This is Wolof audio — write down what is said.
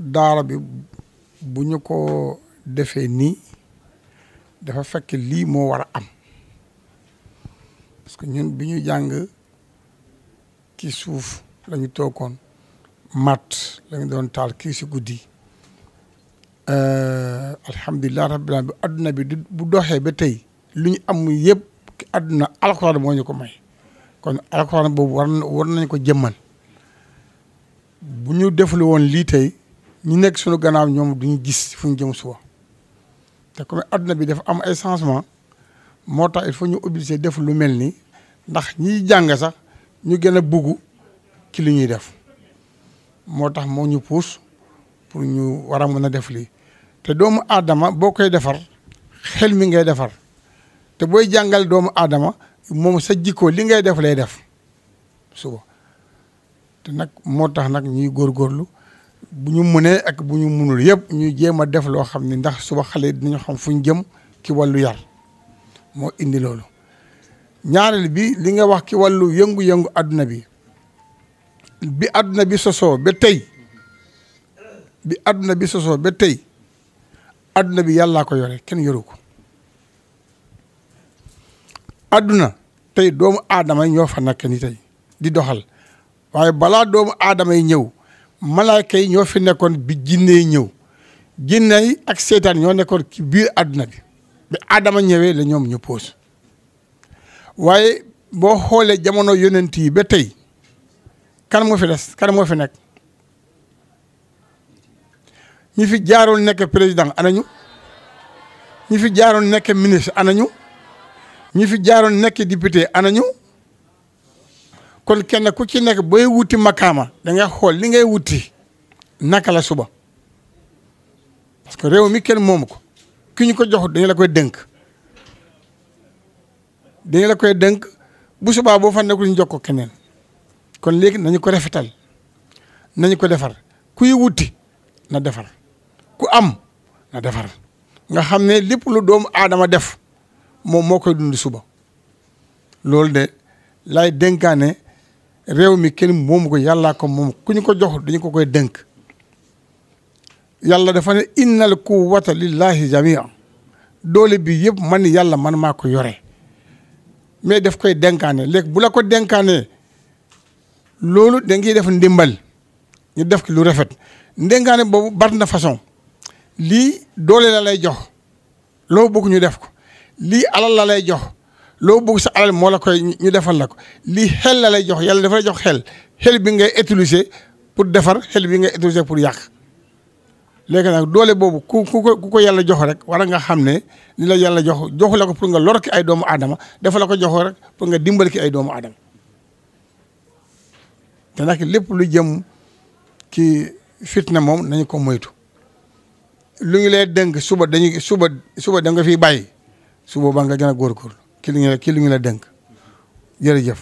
daara bi bu ñu ko defee nii dafa fekk lii moo war a am parce que ñun bi ñu jàng ki suuf lañu ñu toogoon matt la doon taal kii si guddi euh, alhamdulilah rabbil alamin bi adduna bi bu doxee ba tey lu ñu am yëpp ki adduna alxuraan moo ñu ko may kon alxuraan boobu war war nañ ko jëmmal bu ñu deful woon lii tey ñu nekk suñu gannaaw ñoom duñu gis fu ñu jëm suba te comme adduna bi dafa am ay changement moo tax it faut ñu obligé def lu mel ni ndax ñiy jàng sax ñu gën a bugg ci li ñuy def moo tax moo ñu pousse pour ñu war a mën a def lii te doomu aadama boo koy defar xel mi ngay defar te booy jàngal doomu aadama moom sa jikko li ngay def lay def suba te nag moo tax nag ñuy góorgóorlu bu ñu mënee ak bu ñu mënul yëpp ñu jéem a def loo xam ni ndax suba xale dinañu xam fu ñu jëm ci wàllu yar moo indi loolu ñaareel bi li nga wax ci wàllu yëngu-yëngu àdduna bi bi àdduna bi sosoo ba tey bi àdduna bi sosoo ba tey àdduna bi yàllaa ko yore kenn yoru ko àdduna tey doomu aadama yi ñoo fa nekk ni tey di doxal waaye balaa doomu aadama yi ñëw malaayka yi ñoo fi nekkoon bi jinne yi ñëw jinne yi ak seytaan ñoo nekkoon ci biir àdduna bi bi aadama ñëwee la ñoom ñu poos waaye boo xoolee jamono yonent yi ba tey kan moo fi des kan moo fi nekk ñi fi jaarul nekk président anañu ñi fi jaarul nekk ministre anañu ñi fi jaarul nekk député anañu kon kenn ku ci nekk booy wuti makaama da nga xool li ngay wuti naka la suba parce que réew mi kenn moomu ko ki ñu ko jox dañu la koy dënk dañu la koy dënk bu subaa boo fa nekkul ñu jox ko keneen kon léegi nañu ko rafetal nañu ko defar kuy wuti na defar ku am na defar nga xam ne lépp doomu aadama def moom moo koy dund suba loolu de lay dénkaane réew mi kenn moomu ko yàllaa ko moom ku ñu ko jox dañu ko koy dënk yàlla dafa ne innal quwwata lillahi jamia doole bi yëpp man yàlla man maa ko yore mais daf koy denkaane léegi bu la ko denkaanee loolu da def ndimbal ñu def ki lu rafet ndenkaane boobu bari na façon lii doole la lay jox loo bëgg ñu def ko lii alal la lay jox loo bëgg sa alal moo la koy ñu defal la ko lii xel la lay jox yàlla dafa jox xel xel bi ngay utiliser pour defar xel bi ngay utiliser pour yàq léegi nag doole boobu ku ku ko ko yàlla jox rek war nga xam ne li la yàlla jox joxu la ko pour nga lor ki ay doomu aadama dafa la ko joxoo rek pour nga dimbal ki ay doomu adama te nag lépp lu jëm ki ci na moom nañu ko moytu lu ñu lee dënk suba dañuy suba suba da nga fiy bàyyi suba ba nga gën a góorgóorlu ki li ñu la ki li ñu la dénk jërëjëf